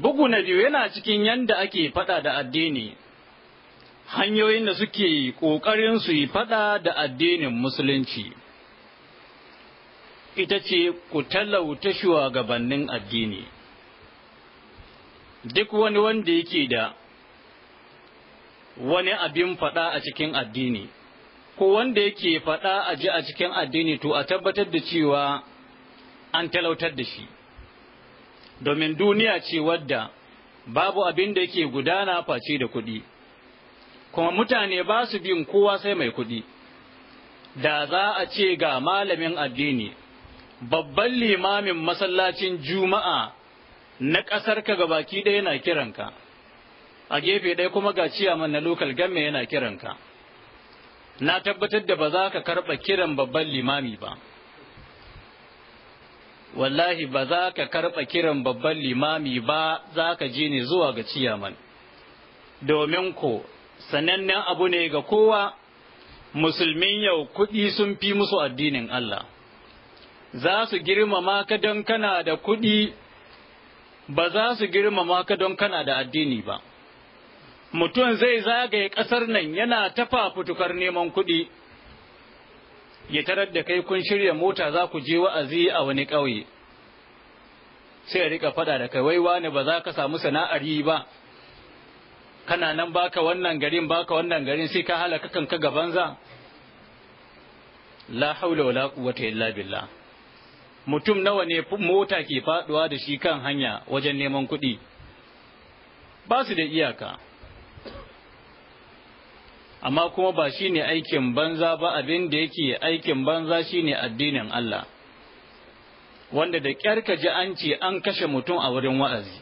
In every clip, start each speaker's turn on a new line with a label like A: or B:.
A: bugu na biyu yana cikin yanda ake faɗa da addini hanyoyin da suke ƙoƙarin su yi faɗa da addinin musulunci ita ce ku talauta shugabannin addini duk wani wanda yake da wani abin faɗa a cikin addini ko wanda yake faɗa a ji a cikin addini to a tabbatar da cewa an talautar da shi domin duniya ce wadda babu abin da yake gudana face da kuɗi kuma mutane ba su bin kowa sai mai kuɗi da za a ce ga malamin addini babban limamin masallacin juma'a na ƙasar ka baki ɗaya yana kiranka a gefe ɗaya kuma ga ciyaman na lokal game yana kiranka na tabbatar da ba za ka karɓa kiran babban limami ba wallahi ba za ka karɓa kiran babban limami ba za ka je ne zuwa ga ciyaman domin ko sanannen abu ne ga kowa musulmin yau kuɗi sun fi musu addinin Allah za su girmama ka don kana da kuɗi ba za su girmama ka don kana da addini ba mutum zai zagaye ƙasar nan yana ta fafutukar neman kuɗi ya tarar da kai kun shirya mota za ku je wa'azi a wani ƙauye sai ya rika faɗa da kai wai wani ba za ka samu sana'ar yi ba kana nan baka wannan garin baka wannan garin sai ka halaka kanka ga banza la haula wala quwwata illa billah mutum nawa ne mota ke faɗuwa da shi kan hanya wajen neman kuɗi ba su da iyaka amma kuma ba shi ne aikin banza ba abin da yake aikin banza shi ne addinin Allah wanda da ƙyar ka ji an ce an kashe mutum a wurin wa'azi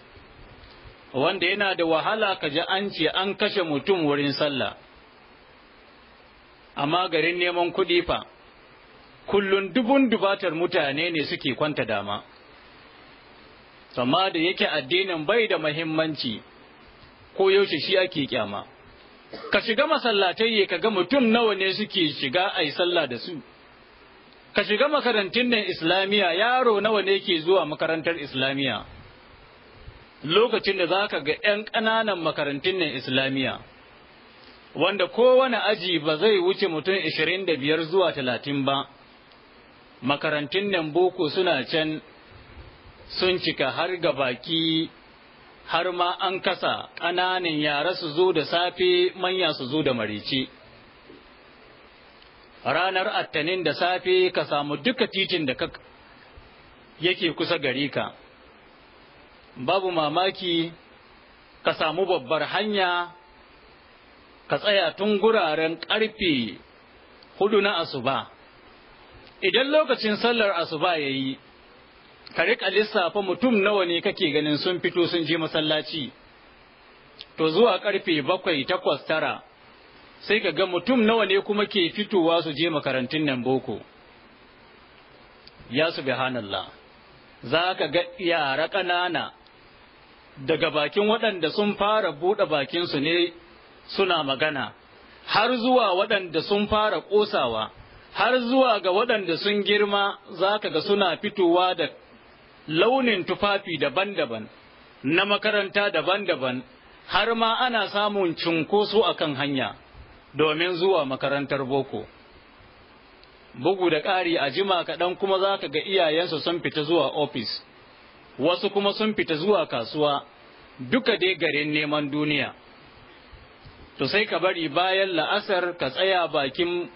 A: wanda yana da wahala ka ji an ce an kashe mutum wurin sallah amma garin neman kuɗi fa kullum dubun dubatar mutane ne suke kwanta dama amma da yake addinin bai da muhimmanci ko yaushe shi ake kyama ka shiga masallatai ya kaga mutum nawa ne suke shiga a yi sallah da su ka shiga makarantun nan islamiya yaro nawa ne ke zuwa makarantar islamiyya lokacin da za ka ga 'yan ƙananan makarantun nan islamiya wanda kowane aji ba zai wuce mutum 25 zuwa 30 ba makarantun nan boko suna can sun cika har ga baki har ma an kasa ƙananan yara su zo da safe manya su zo da marici ranar attanin da safe ka samu duka titin da ka yake kusa gari ka babu mamaki ka samu babbar hanya ka tsaya tun guraren ƙarfe hudu na asuba idan lokacin sallar asuba ya yi ka riƙa lissafa mutum nawa ne kake ganin sun fito sun je masallaci to zuwa karfe bakwai takwas tara sai ka ga mutum nawa ne kuma ke fitowa su je makarantun nan boko ya su subhanallah za ka ga yara ƙanana daga bakin waɗanda sun fara buɗe bakinsu ne suna magana har zuwa waɗanda sun fara ƙosawa har zuwa ga waɗanda sun girma za ka ga suna fitowa da launin tufafi daban-daban na makaranta daban-daban har ma ana samun cunkoso a kan hanya domin zuwa makarantar boko bugu da ƙari a jima kaɗan kuma za ka ga iyayensu sun fita zuwa ofis wasu kuma sun fita zuwa kasuwa duka dai garin neman duniya to sai ka bari bayan la'asar ka tsaya bakin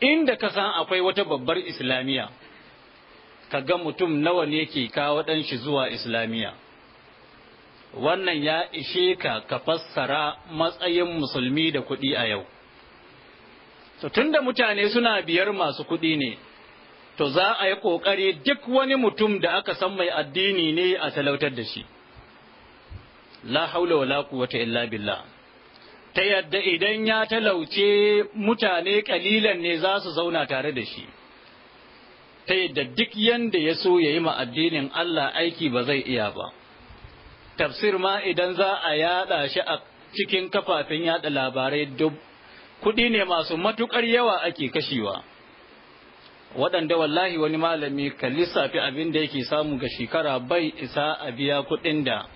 A: inda ka san akwai wata babbar islamiyya ka ga mutum nawa ne ke kawo ɗan shi zuwa islamiyya wannan ya ishe ka ka fassara matsayin musulmi da kuɗi a yau to tunda mutane suna biyar masu kuɗi ne to za a yi ƙoƙari duk wani mutum da aka san mai addini ne a talautar da shi la haula wala quwwata illa billah ta yadda idan ya talauce mutane kalilan ne za su zauna tare da shi ta yadda duk yanda ya so ya yi ma addinin Allah aiki ba zai iya ba tafsir ma idan za a yada shi a cikin kafafen yada labarai duk kuɗi ne masu matukar yawa ake kashewa waɗanda wallahi wani malami ka lissafi abin da yake samu ga shekara bai isa a biya kuɗin da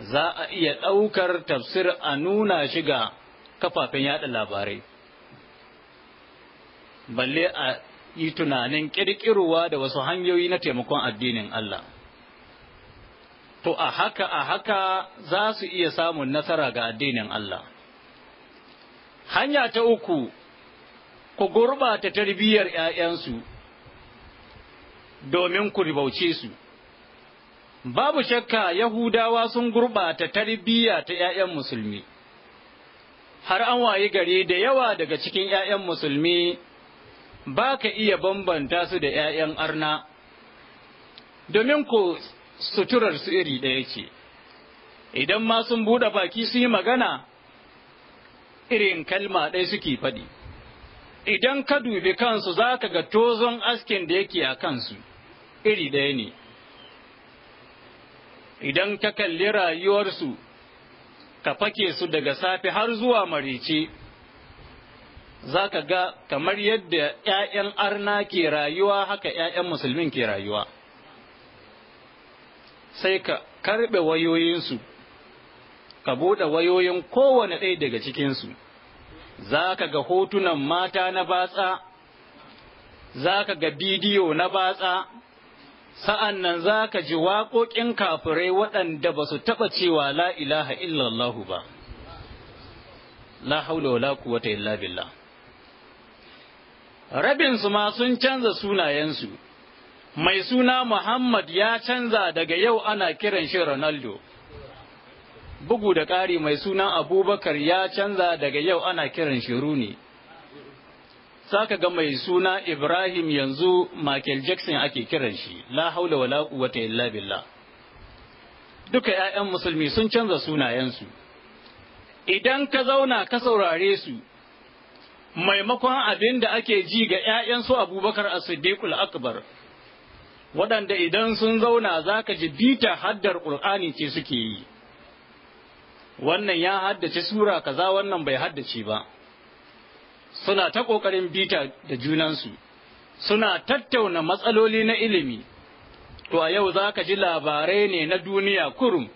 A: za a iya ɗaukar tafsir a nuna shiga ga kafafen yada labarai balle a yi tunanin ƙirƙirowa da wasu hanyoyi na taimakon addinin Allah. To a haka a haka za su iya samun nasara ga addinin Allah. Hanya ta uku, ku gurɓata tarbiyyar ‘ya'yansu domin ku ribauce su. Babu shakka Yahudawa sun gurɓata tarbiyya ta ‘ya'yan musulmi, har an wayi gari da yawa daga cikin ‘ya'yan musulmi ba ka iya bambanta su da ‘ya'yan arna, domin ku suturar su iri ɗaya ce, idan ma sun buɗe baki su yi magana, irin kalma ɗaya suke faɗi. Idan ka dubi kansu za ka ga tozon askin da yake a kansu, iri ɗaya ne. Idan ka kalli rayuwarsu, ka fake su daga safe har zuwa marice. za ka ga kamar yadda 'ya'yan arna ke rayuwa haka 'ya'yan musulmin ke rayuwa sai ka karɓe wayoyinsu ka buɗe wayoyin kowane ɗaya daga cikinsu za ka ga hotunan mata na batsa za ka ga bidiyo na batsa sa'an nan za ka ji waƙoƙin kafirai waɗanda ba su taɓa cewa la ilaha illallahu ba la haula wa la quwwata billah rabinsu ma sun canza sunayensu mai suna Muhammad ya canza daga yau ana kiran shi Ronaldo bugu da ƙari mai suna Abubakar ya canza daga yau ana kiran shi runi saka ga mai suna Ibrahim yanzu Michael Jackson ake kiran shi la haula wala quwwata illa billah duka 'ya'yan musulmi sun canza sunayensu idan ka zauna ka saurare su maimakon abin da ake ji ga 'ya'yansu abubakar a siddiqul akbar waɗanda idan sun zauna za ka ji bita haddar ƙur'ani ce suke yi wannan ya haddace sura kaza wannan bai haddace ba suna ta ƙoƙarin bita da junansu suna tattauna matsaloli na ilimi to a yau za ka ji labarai ne na duniya kurum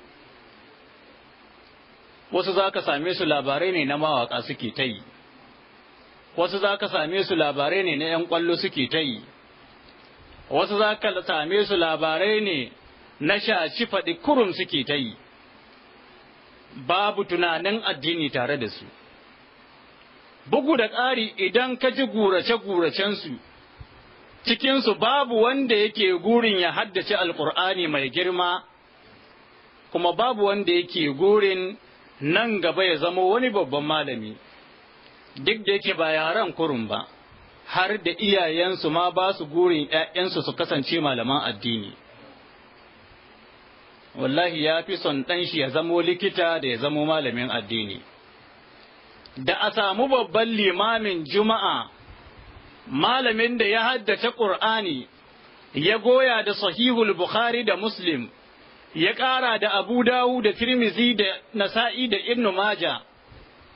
A: wasu za ka same su labarai ne na mawaƙa suke ta yi wasu za ka same su labarai ne na 'yan kwallo suke ta yi wasu za ka same su labarai ne na shaci faɗi kurum suke ta yi babu tunanin addini tare da su bugu da ƙari idan ka ji gurace-guracensu cikinsu babu wanda yake gurin ya haddace alƙur'ani mai girma kuma babu wanda yake gurin nan gaba ya zama wani babban malami duk da yake ba yaran kurun ba har da iyayensu ma ba su gurin ‘ya'yansu su kasance malaman addini wallahi ya fi son ɗan shi ya zamo likita da ya zamo malamin addini da a samu babban limamin juma'a malamin da ya haddace ƙur'ani ya goya da sahihul bukhari da muslim ya ƙara da abu dawu da tirmizi da nasa'i da ibnu maja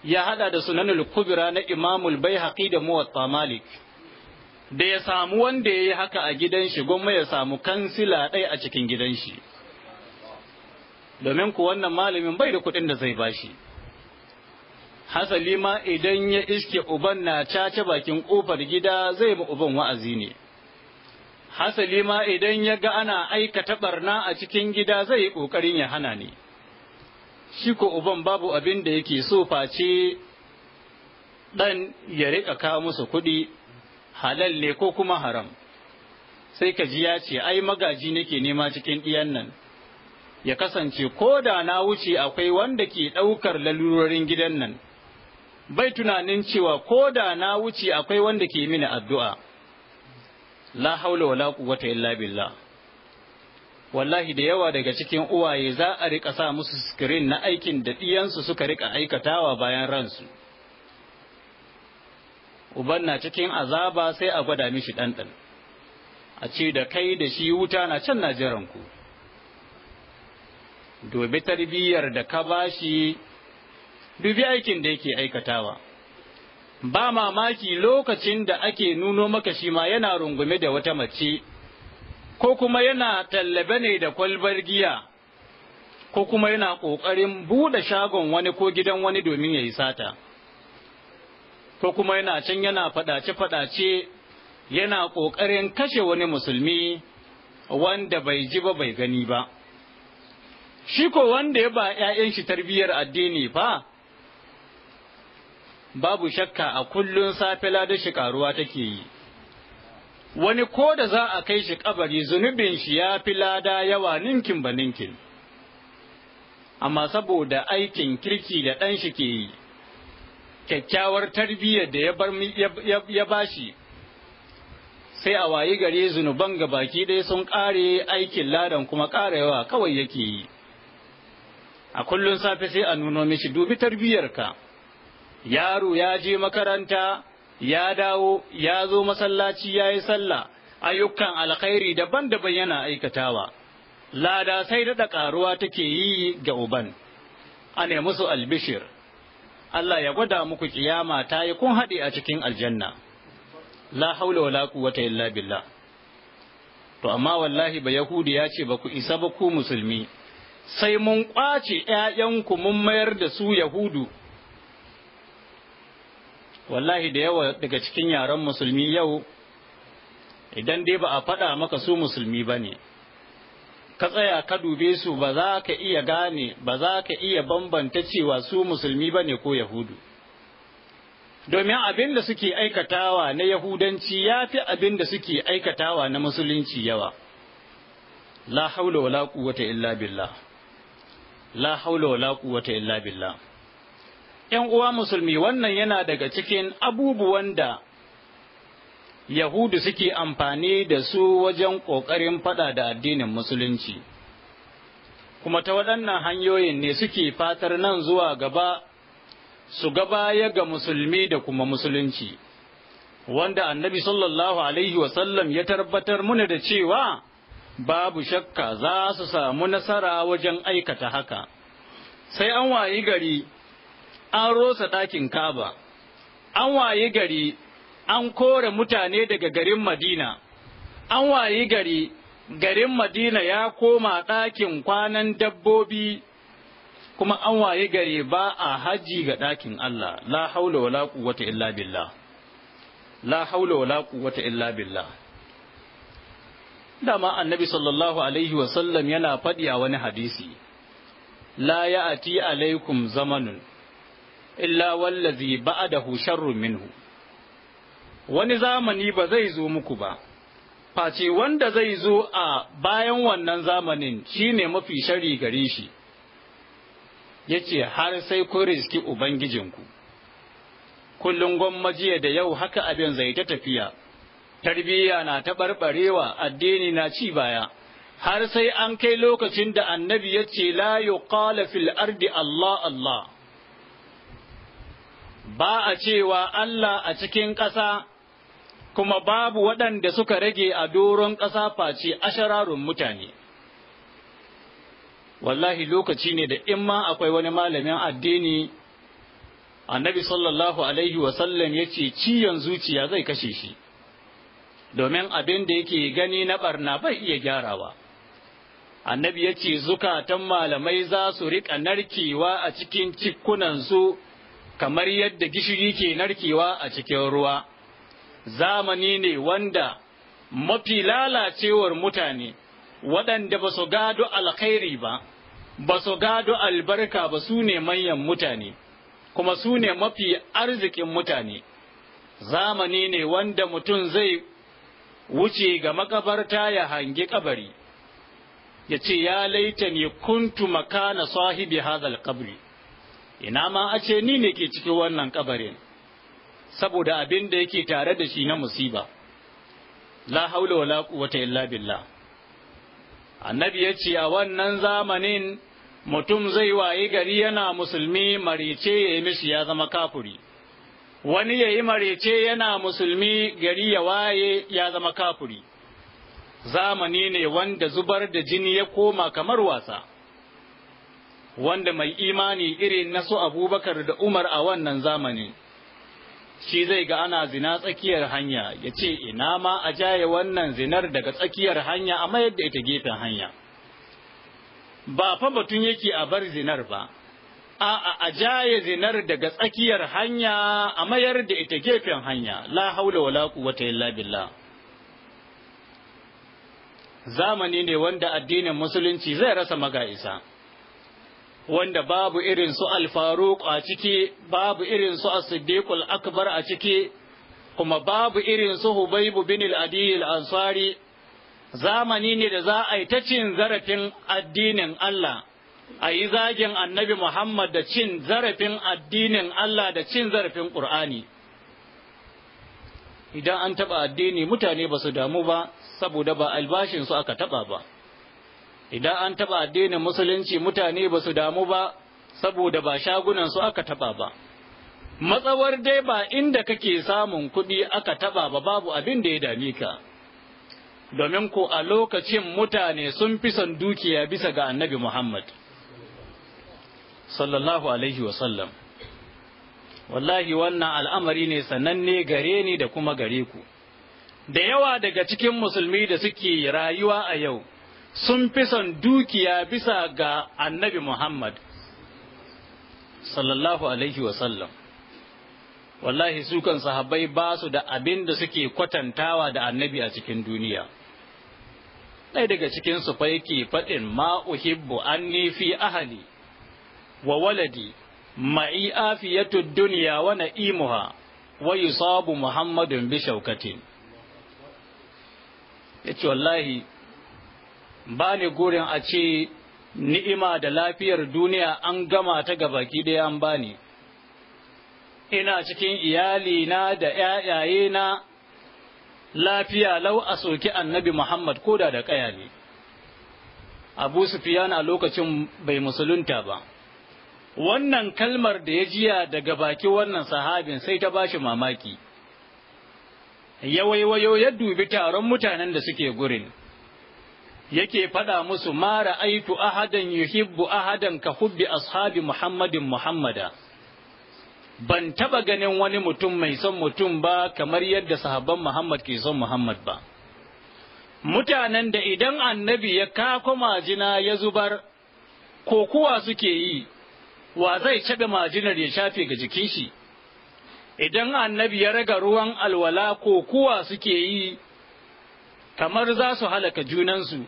A: ya hada da sunanul kubra na imamul bai haƙi da muwatta malik da ya samu wanda ya yi haka a gidan shi gwamma ya samu kansila ɗai a cikin gidan shi domin ku wannan malamin bai da kuɗin da zai bashi hasali ma idan ya iske uban na caca bakin ƙofar gida zai ma uban wa'azi ne hasali ma idan ya ga ana aikata barna a cikin gida zai yi ƙoƙarin ya hana ne shi ko uban babu abin da yake so face ɗan ya riƙa kawo musu kuɗi halal ne ko kuma haram sai ka ji ya ce ai magaji nake nema cikin ɗiyan nan ya kasance ko da na wuce akwai wanda ke ɗaukar lalurorin gidan nan bai tunanin cewa ko da na wuce akwai wanda ke mini addu'a la haula wala quwwata illa billah wallahi da yawa daga cikin uwaye za a rika sa musu screen na aikin da ɗiyansu suka rika aikatawa bayan ransu uban na cikin azaba sai a gwada mishi ɗanɗan a ce da kai da shi wuta na can najeranku Dobe tarbiyyar da ka ba shi dubi aikin da yake aikatawa ba mamaki lokacin da ake nuno maka shi ma yana rungume da wata mace ko kuma yana tallabe ne da kwalbar giya ko kuma yana ƙoƙarin buɗe shagon wani ko gidan wani domin ya yi sata ko kuma yana can yana faɗace-faɗace yana ƙoƙarin kashe wani musulmi wanda bai ji ba bai gani ba shi ko wanda ya ba 'ya'yan shi tarbiyyar addini fa babu shakka a kullum safe ladar shi karuwa take yi wani ko da za a kai shi kabari zunubin shi ya fi lada yawa ninkin ba ninkin amma saboda aikin kirki da ɗan shi ke yi kyakkyawar tarbiyyar da ya ba shi sai a wayi gare zunuban ga baki dai sun ƙare aikin ladan kuma yawa kawai yake yi a kullum safe sai a nuno mishi dubi tarbiyyar ka. yaro ya je makaranta ya dawo ya zo masallaci ya yi sallah ayyukan alkhairi daban-daban yana aikatawa lada sai daɗa ƙaruwa take yi ga uban a musu albishir Allah ya gwada muku kiyama ta yi kun haɗe a cikin aljanna la haula wala quwwata illa billah to amma wallahi ba yahudi ya ce ba ku isa ba ku musulmi sai mun ƙwace ƴaƴanku mun mayar da su yahudu wallahi da yawa daga cikin yaren musulmi yau idan dai ba a faɗa maka su musulmi ba ne ka tsaya ka dube su ba za ka iya gane ba za ka iya bambanta cewa su musulmi ba ne ko yahudu domin abin da suke aikatawa na yahudanci ya fi abin da suke aikatawa na musulunci yawa la haula wala quwwata illa billah la haula wala quwwata illa billah ‘yan uwa musulmi wannan yana daga cikin abubuwan da Yahudu suke amfani da su wajen ƙoƙarin faɗa da addinin musulunci. Kuma ta waɗannan hanyoyin ne suke fatar nan zuwa gaba su baya ga musulmi da kuma musulunci. Wanda annabi sallallahu Alaihi wasallam ya tabbatar muna da cewa babu shakka za su samu nasara wajen aikata haka. Sai an wayi gari. an rosa ɗakin kaba an wayi gari an kore mutane daga garin madina an wayi gari garin madina ya koma ɗakin kwanan dabbobi kuma an wayi gari ba a haji ga ɗakin Allah la haula wa wala quwwata illa billah la haula wa wala quwwata illa billah dama annabi sallallahu alaihi wa sallam yana faɗi a wani hadisi la ya'ati alaikum zamanun illa wallazi ba'adahu sharrun minhu wani zamani ba zai zo muku ba face wanda zai zo a bayan wannan zamanin shine mafi shari gare shi yace har sai ku riski ubangijinku kullum gwammajiya da yau haka abin zai ta tafiya tarbiyya na taɓarɓarewa addini na ci baya har sai an kai lokacin da annabi ya ce la yuqala fil ardi Allah Allah ba a cewa Allah a cikin ƙasa kuma babu waɗanda suka rage a doron ƙasa face ashararun mutane. Wallahi lokaci ne da in ma akwai wani malamin addini, annabi sallallahu Alaihi wasallam ya ce ciyon zuciya zai kashe shi, domin abin da yake gani na ɓarna bai iya gyarawa. Annabi ya ce zukatan malamai za su riƙa narkewa a cikin cikunansu kamar yadda gishiri ke narkewa a cikin ruwa zamani ne wanda mafi lalacewar mutane waɗanda ba su gado alkhairi ba ba su gado albarka ba su ne manyan mutane kuma su ne mafi arzikin mutane zamani ne wanda mutum zai wuce ga makabarta ya hangi kabari ya ce ya laita ne kuntu makana sahibi hadal kabri ina ma a ce ni ne ke cikin wannan kabarin saboda abin da yake tare da shi na musiba la haula wala quwwata illa billah annabi ya ce a wannan zamanin mutum zai waye gari yana musulmi marice ya yi mishi ya zama kafuri wani ya yi marice yana musulmi gari ya waye ya zama kafuri zamani ne wanda zubar da jini ya koma kamar wasa wanda mai imani irin na su abubakar da umar a wannan zamani shi zai ga ana zina tsakiyar hanya ya ce ina ma a jaye wannan zinar daga tsakiyar hanya a mayar da ita gefen hanya ba fa batun yake a bar zinar ba a a jaye zinar daga tsakiyar hanya a mayar da ita gefen hanya la haula wala quwwata illa billah zamani ne wanda addinin musulunci zai rasa maga'isa wanda babu irin su alfaruk a ciki babu irin su as-siddiqul akbar a ciki kuma babu irin su hubaybu bin al-adi al-ansari zamani ne da za a yi ta cin zarafin addinin Allah a yi zagin annabi Muhammad da cin zarafin addinin Allah da cin zarafin Ƙur'ani. Idan an taɓa addini mutane ba su damu ba saboda ba albashin su aka taɓa ba. idan an taɓa addinin musulunci mutane ba su damu ba saboda ba shagunan su aka taba ba matsawar dai ba inda kake samun kuɗi aka taɓa ba babu abin da ya dame ka domin ko a lokacin mutane sun fi son dukiya bisa ga annabi Muhammad sallallahu alaihi wasallam wallahi wannan al'amari ne sananne gare ni da kuma gare ku da yawa daga cikin musulmi da suke rayuwa a yau sun fi son dukiya bisa ga annabi Muhammad sallallahu alaihi wasallam wallahi sukan sahabai sahabbai ba su da abin da suke kwatantawa da annabi a cikin duniya ɗaya daga cikin su faiki faɗin ma'uhibbu an nifi ahali wa waladi ma'i afiyatu duniya wa na'imuha wa yusabu muhammadun bi shaukatin yace wallahi ba ne gurin a ce ni'ima da lafiyar duniya an gama ta gabaki ɗaya an ba ni ina cikin iyalina da ‘ya'yayena lafiya lau a soki annabi Muhammad ko da ƙaya ne. Abu Sufyan a lokacin bai musulunta ba. Wannan kalmar da ya jiya daga baki wannan sahabin sai ta bashi mamaki. Ya waiwayo ya dubi taron mutanen da suke gurin. yake faɗa musu ma ra'aitu ahadan yuhibbu ahadan ka hubbi ashabi muhammadin muhammada ban taba ganin wani mutum mai son mutum ba kamar yadda sahabban muhammad ke son muhammad ba mutanen da idan annabi ya kako majina ya zubar ko kuwa suke yi wa zai caɓe majinar ya shafe ga jikin shi idan annabi ya raga ruwan alwala ko kuwa suke yi kamar za su halaka junansu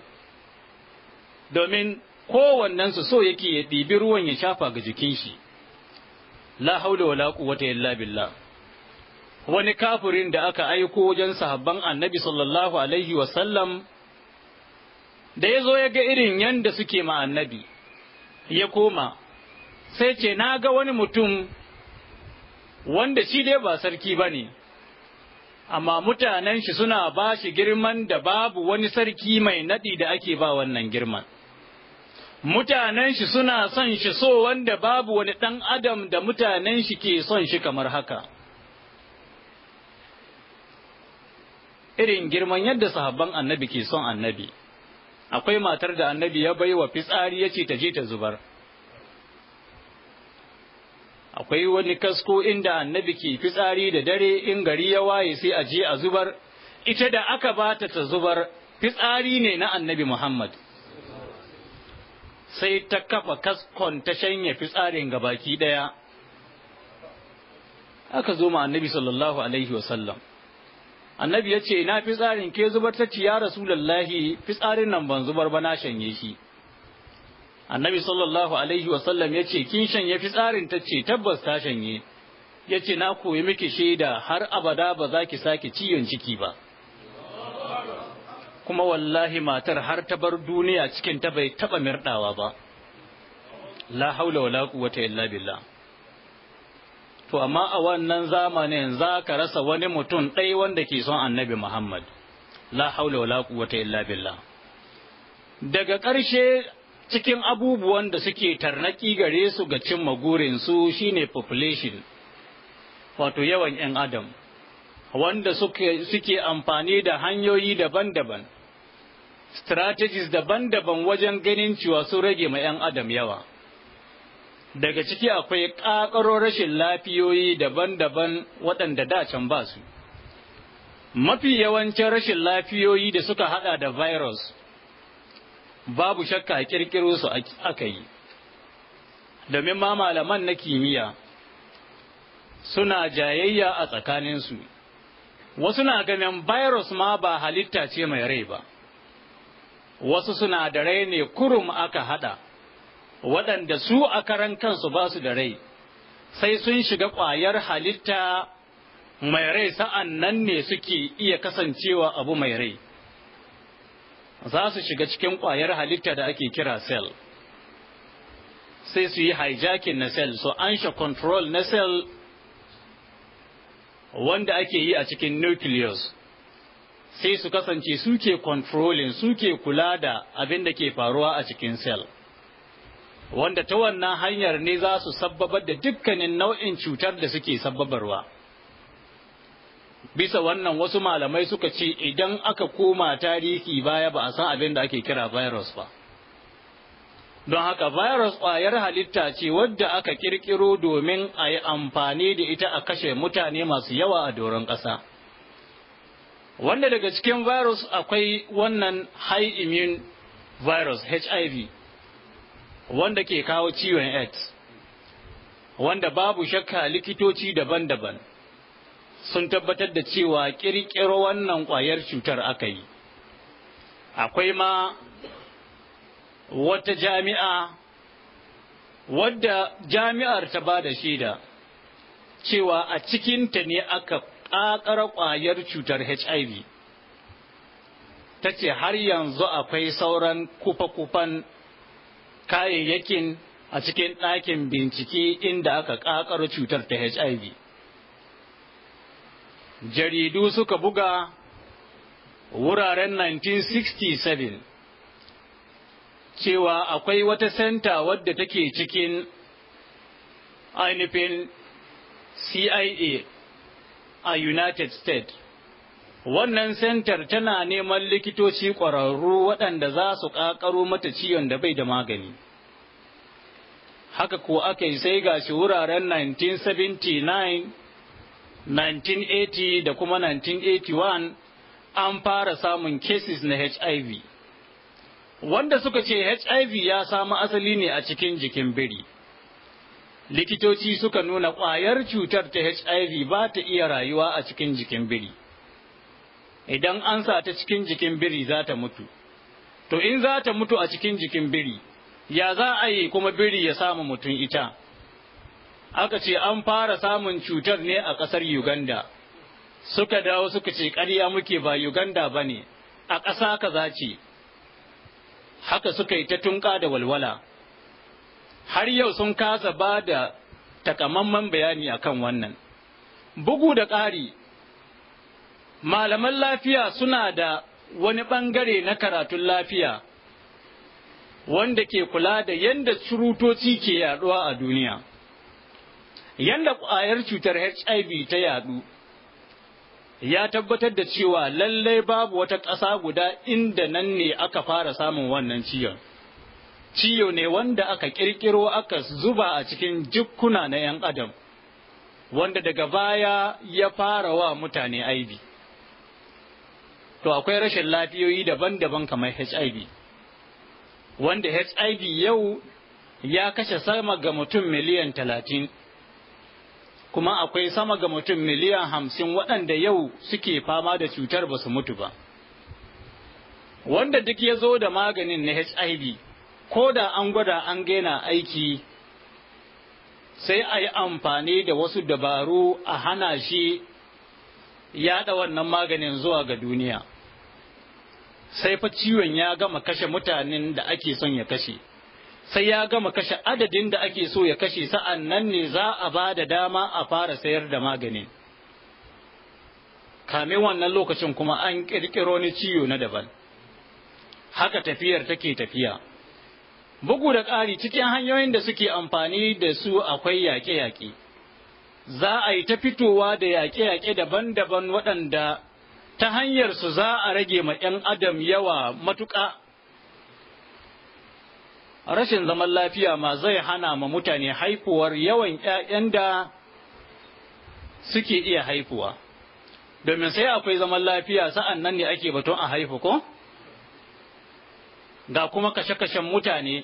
A: domin kowannensu so yake ya ɗibi ruwan ya shafa ga jikin shi la haula wala quwwata illa billah wani kafirin da aka aiko wajen sahabban annabi sallallahu alaihi wasallam da ya zo ya ga irin yanda suke ma annabi ya koma sai ce na ga wani mutum wanda shi dai ba sarki ba ne amma mutanen shi suna ba shi girman da babu wani sarki mai naɗi da ake ba wannan girman mutanen shi suna son shi so wanda babu wani ɗan adam da mutanen shi ke son shi kamar haka irin girman yadda sahabban annabi ke son annabi akwai matar da annabi ya bai wa fitsari ya ce ta je ta zubar akwai wani kasko inda annabi ke fitsari da dare in gari ya waye sai a je a zubar ita da aka bata ta zubar fitsari ne na annabi muhammad sai ta kafa kaskon ta shanye fitsarin ga baki ɗaya aka zo ma annabi sallallahu alaihi wasallam annabi ya ce na fitsarin ke zubar ta ci ya rasulallahi fitsarin nan ban zubar ba na shanye shi annabi sallallahu alaihi wasallam ya ce kin shanye fitsarin ta ce tabbas ta shanye ya ce na koyi miki shaida har abada ba za ki sake ciyon ciki ba kuma wallahi matar har ta bar duniya cikin ta bai taba mirdawa ba la haula wala quwwata illa billah to amma a wannan zamanin za ka rasa wani mutum ɗaya wanda ke son annabi Muhammad la haula wala quwwata illa billah daga ƙarshe cikin abubuwan da suke tarnaki gare su ga cimma gurin su shine population wato yawan 'yan adam wanda suke amfani da hanyoyi daban-daban strategies daban-daban wajen ganin cewa sun rage ma 'yan adam yawa daga ciki akwai ƙaƙaro rashin lafiyoyi daban-daban waɗanda dacan ba su mafi yawancin rashin lafiyoyi da suka haɗa da virus babu shakka kirkiro su aka yi domin ma malaman na kimiyya suna jayayya a tsakaninsu wasu na ganin virus ma ba halitta ce mai rai ba wasu sinadarai ne kurum aka haɗa waɗanda su a karan kansu ba su da rai sai sun shiga ƙwayar halitta mai rai sa'an nan ne suke iya kasancewa abu mai rai za su shiga cikin ƙwayar halitta da ake kira sel sai su yi hijacking na sel so ansha control na sel. wanda ake yi a cikin nucleus sai su kasance suke controlling suke kula da abin da ke faruwa a cikin cell wanda ta wannan hanyar ne za su sabbabar da dukkanin nau'in cutar da suke sabbabarwa bisa wannan wasu malamai suka ce idan aka koma tarihi baya ba a san abin da ake kira virus ba don haka virus ƙwayar halitta ce wadda aka kirkiro domin a yi amfani da ita a kashe mutane masu yawa a doron ƙasa wanda daga cikin virus akwai wannan high immune virus hiv wanda ke kawo ciwon aids wanda babu shakka likitoci daban-daban sun tabbatar da cewa kirkiro wannan kwayar cutar aka yi akwai ma wata jami'a wadda jami'ar ta ba da shida cewa a cikinta ne aka Kakar kwayar cutar HIV. Ta ce har yanzu akwai sauran kufa-kufan kayayyakin a cikin ɗakin bincike inda aka ƙaƙar cutar ta HIV. Jaridu suka buga wuraren 1967 cewa akwai wata senta wadda take cikin ainihin CIA a United States. Wannan sentar tana neman likitoci ƙwararru waɗanda za su ƙaƙaro mata ciyon da bai da magani. Haka ko aka yi sai ga shi wuraren 1979, 1980 da kuma 1981 an fara samun cases na HIV. Wanda suka ce HIV ya samu asali ne a cikin jikin biri. likitoci suka nuna ƙwayar cutar ta HIV ba ta iya rayuwa a cikin jikin biri. Idan an sa ta cikin jikin biri za ta mutu. To in za ta mutu a cikin jikin biri, ya za a yi kuma biri ya samu mutum ita? Aka ce an fara samun cutar ne a ƙasar Uganda. Suka dawo suka ce ƙarya muke ba Uganda ba ne, a ƙasa kaza ce. Haka suka yi ta tunƙa da walwala. har yau sun kasa ba da takamamman bayani a kan wannan bugu da ƙari malaman lafiya suna da wani ɓangare na karatun lafiya wanda ke kula da yadda surutoci ke yaduwa a duniya yadda ƙwayar cutar hiv ta yadu ya tabbatar da cewa lallai babu wata ƙasa guda inda nan ne aka fara samun wannan ciyon ciyo ne wanda aka ƙirƙiro aka zuba a cikin jikkuna na 'yan adam wanda daga baya ya fara wa mutane aibi to akwai rashin lafiyoyi daban-daban kamar hiv wanda hiv yau ya kashe sama ga mutum miliyan talatin kuma akwai sama ga mutum miliyan hamsin waɗanda yau suke fama da cutar ba su mutu ba wanda duk ya zo da maganin na hiv ko da an gwada an gaina aiki sai a yi amfani da wasu dabaru a hana shi yaɗa wannan maganin zuwa ga duniya sai fa ciwon ya gama kashe mutanen da ake son ya kashe sai ya gama kashe adadin da ake so ya kashe sa'an nan ne za a ba da dama a fara sayar da maganin kame wannan lokacin kuma an ƙirƙiro ni ciwo na daban haka tafiyar take tafiya bugu da ƙari cikin hanyoyin da suke amfani da su akwai yaƙe-yaƙe za a yi ta fitowa da yaƙe-yaƙe daban-daban waɗanda ta hanyarsu za a rage ma 'yan adam yawa matuƙa rashin zaman lafiya ma zai hana ma mutane haifuwar yawan 'ya'yan da suke iya haifuwa domin sai akwai zaman lafiya sa'an nan ne ake baton a haifu ko? ga kuma kashe-kashen mutane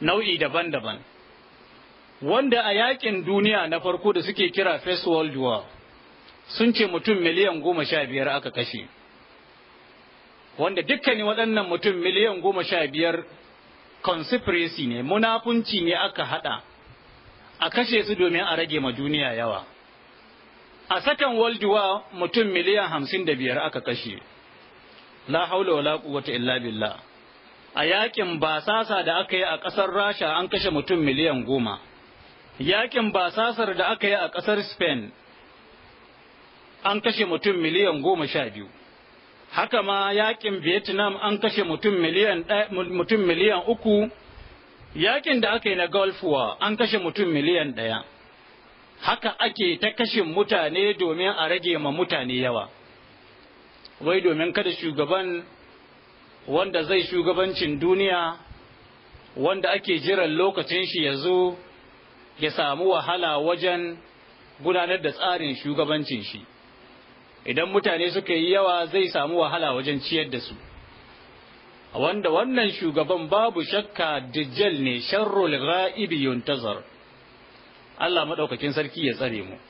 A: nau'i daban-daban wanda a yakin duniya na farko da suke kira first world war sun ce mutum miliyan goma sha biyar aka kashe wanda dukkanin waɗannan mutum miliyan goma sha biyar conspiracy ne munafunci ne aka haɗa a kashe su domin a rage ma duniya yawa a second world war mutum miliyan hamsin da biyar aka kashe la haula wala quwwata illa billah a yakin basasa da aka yi a ƙasar rasha an kashe mutum miliyan goma yakin basasar da aka yi a ƙasar spain an kashe mutum miliyan goma sha biyu haka ma yakin vietnam an kashe mutum miliyan uku yakin da aka yi na gulf war an kashe mutum miliyan ɗaya haka ake ta kashe mutane domin a rage ma mutane yawa wai domin kada shugaban wanda zai shugabancin duniya wanda ake jiran lokacin shi ya zo ya samu wahala wajen gudanar da tsarin shugabancin shi idan mutane suka yi yawa zai samu wahala wajen ciyar da su wanda wannan shugaban babu shakka dajjal ne sharrul ra'ibi yuntazar Allah maɗaukakin sarki ya tsare mu